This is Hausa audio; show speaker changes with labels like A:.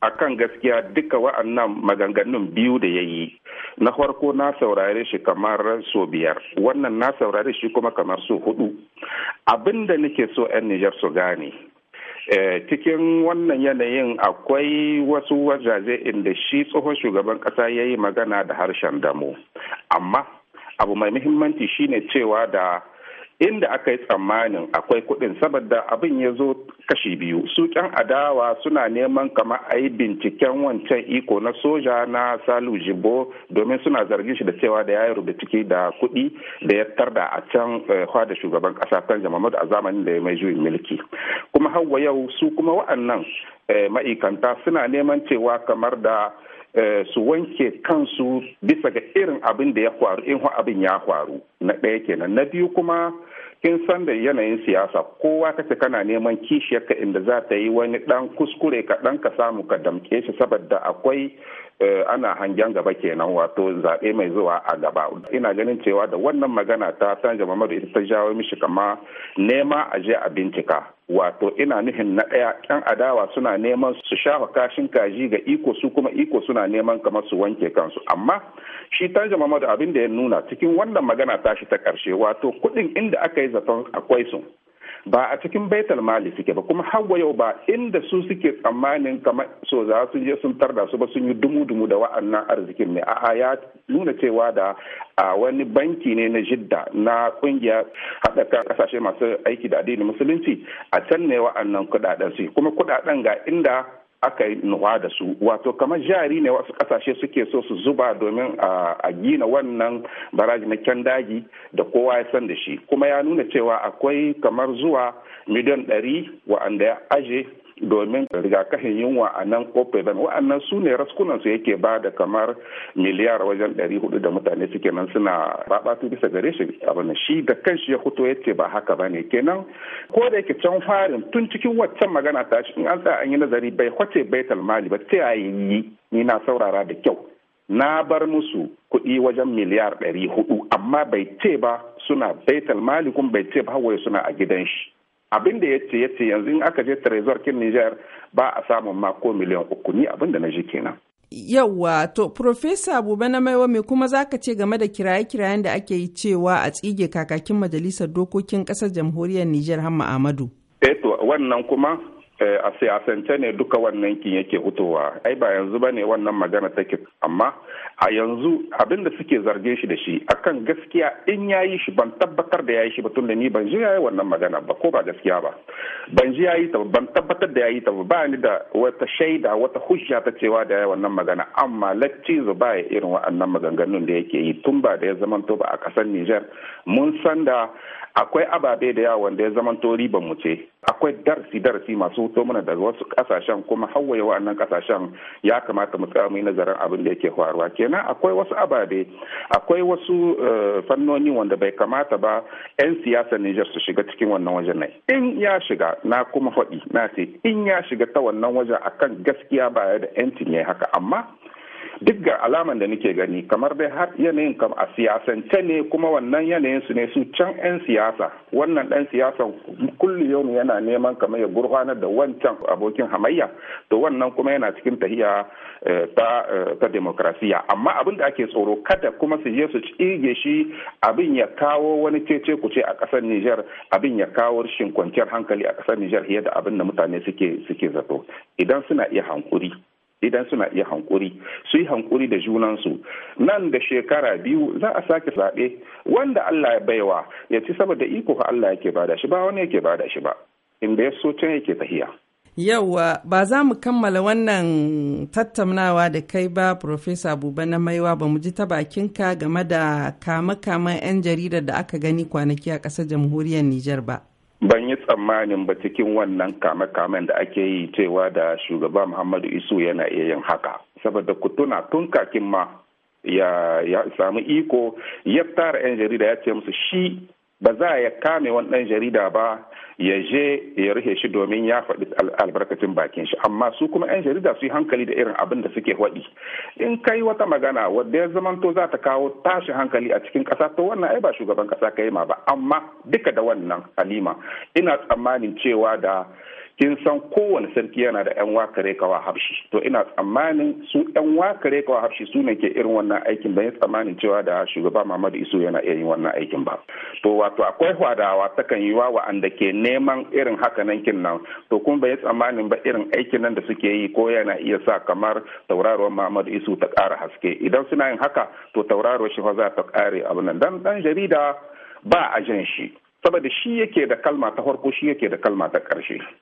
A: a kan gaskiya duka wa'annan maganganun biyu da ya yi na farko na saurare shi kamar so biyar wannan na saurare shi kuma kamar so hudu abinda nake so 'yan nijar su gane eh, cikin wannan yanayin akwai wasu wajaje inda shi tsohon shugaban kasa ya yi magana da harshen damo amma abu mai muhimmanci shine cewa da inda aka yi tsammanin akwai kuɗin saboda abin ya zo kashi biyu su ƙyan adawa suna neman kama a yi binciken wancan iko na soja na salu jibo domin suna zargin shi da cewa da ya yi ciki da kuɗi da ya da a can eh, da shugaban ƙasa kan jama'a a zamanin da ya mai juyin mulki kuma hawa yau su kuma wa'annan Eh, ma'aikanta suna neman cewa kamar da eh, su wanke kansu bisa ga irin abin da ya kwaru in abin ya kwaru na ɗaya kenan na biyu kuma kin san da yanayin siyasa kowa kace kana neman kishiyarka inda za ta yi wani dan kuskure ka dan ka samu ka damke shi saboda akwai Eh, ana hangen gaba kenan wato zaɓe mai zuwa a gaba ina ganin cewa da wannan magana ta sanja mamadu ita ta jawo mishi kama nema a je a bincika wato ina nuhin na ɗaya yan adawa suna neman su shafa kashin kaji ga iko su kuma iko suna neman kamar su wanke kansu amma shi tanja mamadu abin da ya nuna cikin wannan magana ta shi ta karshe wato kuɗin inda aka yi zaton akwai su ba a cikin baitul mali suke ba kuma hawa yau ba inda su suke tsammanin kamar so za su je sun tarda su ba sun yi dumu-dumu da wa'annan arzikin ne a'a ya nuna cewa da a wani banki ne na jidda na kungiya haɗaka kasashe masu aiki da addinin musulunci a can ne wa'annan kuɗaɗen su kuma kuɗaɗen ga inda aka yi nuwa da su wato kamar jari ne wasu kasashe suke so su zuba domin a gina wannan baraji na kyan daji da kowa ya san da shi kuma ya nuna cewa akwai kamar zuwa miliyan ɗari wa'anda ya aje domin rigakafin yunwa a nan kofar wa'annan su ne raskunan su yake ba da kamar miliyar wajen ɗari hudu da mutane suke nan suna babatu bisa gare shi abin shi da kanshi ya fito ya ce ba haka ba ne kenan ko da yake can farin tun cikin waccan magana ta shi in an tsaya an yi nazari bai kwace baital mali ba ce a yi ni na saurara da kyau na bar musu kuɗi wajen miliyar ɗari huɗu amma bai ce ba suna baital mali kuma bai ce ba wai suna a gidan shi abin da ya ce ya ce yanzu in aka je trezor kin niger ba a samun ma ko miliyan uku ni abin da na ji kenan yauwa to profesa abuba na maiwa me kuma za ka ce game da kiraye-kirayen da ake yi cewa a tsige kakakin majalisar dokokin ƙasar jamhuriyar niger hamma amadu eto eh wannan kuma Eh, a siyasance ne duka wannan kin yake hutowa ai ba yanzu ba ne wannan magana take amma a yanzu abin da suke zarge shi da shi akan gaskiya in ya yi shi ban tabbatar da ya yi shi ba tunda ni ban ji ya yi wannan magana ba ko ba gaskiya ba ban ji ya yi ta ban tabbatar da ya yi ta ba ni da wata shaida wata hujja ta cewa da ya yi wannan magana amma lacci ba ya irin wa'annan maganganun da yake yi tun ba da ya zamanto ba a kasar Nijar mun san da akwai ababe da yawa wanda ya zamanto riban mu ce akwai darasi-darasi masu hoto mana daga wasu kasashen kuma hawaye wa'annan kasashen ya kamata mu tsaya mai nazarin abin da yake faruwa kenan akwai wasu ababe akwai wasu eh, fannoni wanda bai kamata ba 'yan siyasa Niger su shiga cikin wannan wajen nai in ya shiga na kuma faɗi na ce in ya shiga ta wannan wajen akan gaskiya ba da 'yancin ya haka amma duk ga alaman da nake gani kamar dai har yanayin kam a siyasance ne kuma wannan yanayin su ne su can 'yan siyasa wannan ɗan siyasa kullu yau ne yana neman kamar ya gurfanar da wancan abokin hamayya to wannan kuma yana cikin tahiya eh, ta eh, ta demokrasiya amma abin da ake tsoro kada kuma su je su tsige shi abin ya kawo wani cece kuce a kasar Nijar abin ya kawo shin kwanciyar hankali a kasar Nijar fiye da abin da mutane suke suke zato idan suna iya hankuri idan suna iya hankuri su yi hankuri da junansu nan da shekara biyu za a sake zaɓe wanda Allah ya baiwa ya ci saboda iko Allah yake bada shi ba wani yake bada shi ba inda ya so can yake tahiya. Yauwa ba za mu kammala wannan tattaunawa da kai ba Profesa Buba na Maiwa ba mu ji ta bakinka game da kama-kama 'yan jaridar da aka gani kwanaki a ƙasar jamhuriyar Nijar ba. ban yi tsammanin ba cikin wannan kame-kamen da ake yi cewa da shugaba muhammadu isu yana iya yin haka saboda ku tuna tun kakin ma ya, ya samu iko ya tara 'yan jarida ya ce musu shi ba za ya kame wani ɗan jarida ba ya je ya rufe shi domin ya faɗi albarkacin bakin shi amma su kuma 'yan jarida su yi hankali da irin abin da suke waɗi in kai wata magana wadda ya zamanto za ta kawo tashi hankali a cikin ƙasa to wannan ai ba shugaban ƙasa ka yi ma ba amma duka da wannan halima ina tsammanin cewa da kin san kowane sarki yana da 'yan waka rekawa hafshi to ina tsammanin su 'yan waka rekawa hafshi su ne ke irin wannan aikin ban yi tsammanin cewa da shugaba Muhammadu iso yana iya yin wannan aikin ba to wato akwai hwadawa ta kan yi wa anda ke neman irin haka nan kin nan to kun ban yi tsammanin ba irin aikin nan da suke yi ko yana iya sa kamar tauraruwar Muhammadu Isu ta ƙara haske idan suna yin haka to tauraruwar shi fa za ta ƙare abu nan dan dan jarida ba a jan shi saboda shi yake da kalma ta farko shi yake da kalma ta ƙarshe